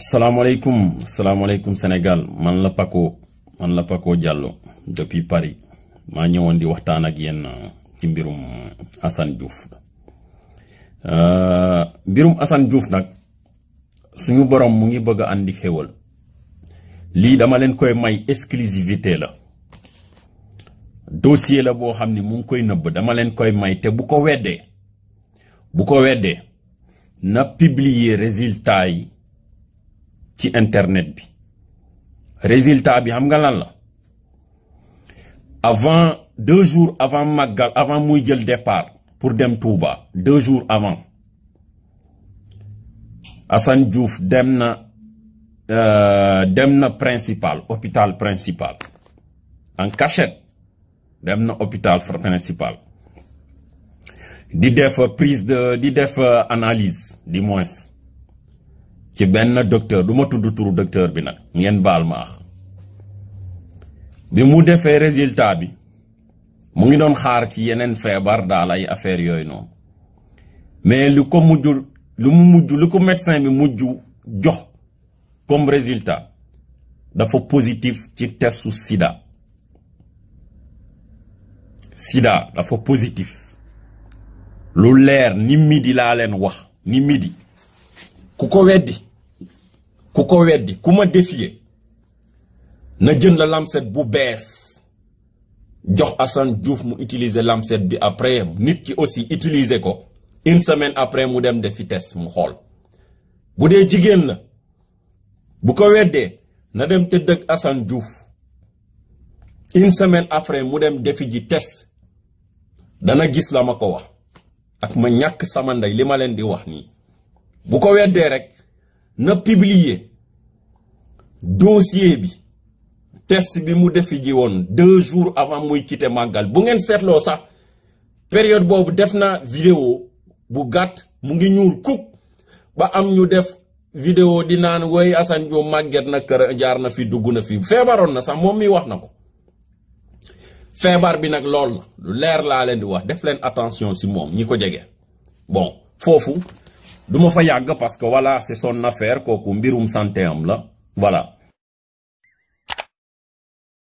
salaamaaleykum salaamaaleykum Sénégal man la Paco man la Paco Diallo depuis Paris maa ñëwoon di waxtaan ak yéen euh, ci mbirum Assane Diouf euh, mbirum Assane Diouf nag suñu borom mu ngi bëgg a andi xéwal lii dama leen koy may exclusivité la dossier la boo xam ni mu ngi koy nëbb dama leen koy may te bu ko weddee bu ko weddee na publier résultat yi. ci internet bi résultat bi xam nga lan la avant deux jours avant Magal, avant muy jël départ pour dem Touba deux jours avant Hassan Diouf dem na euh, dem na principal hôpital principal en cachette dem na hôpital principal di def prise de di def euh, analyse du moins ci ben docteur du tuddu tudd turu docteur bi nak ngeen baal ma bi mu defé résultat bi mu ngi don xaar ci yenen feebar daal ay affaire yoy non. mais lu ko mujjul lu mu mujj lu ko médecin bi mujj jox comme résultat dafa positif ci test sida sida dafa positif lu leer ni midi la len wax ni midi ku ko weddi ku ko weddi ku ma défier na jën la lamset bu bees jox Assane Diouf mu utiliser lamset bi après nit ki aussi utiliser ko une semaine après mu dem defi test mu xool bu dee jigéen la bu ko weddee na dem tëdd Assane Diouf une semaine après mu dem defi ji tes dana gis la ma ko wax ak ma ñàkk sama ndey li ma leen di wax nii bu ko weddee rek na publier dossier bi test bi mu deux jours avant muy quitter mangal bu ngeen sax période bobu vidéo ba am ñu def vidéo di nan woy Assane jo magget na kër na fi duguna fi febaron na sax mi wax nako. ko bi nak lool la lu leer la len di attention si mom ñi ko bon Fofu. du ma fa yàgg parce que voilà c'est son affaire kooku mbirum santé am la voilà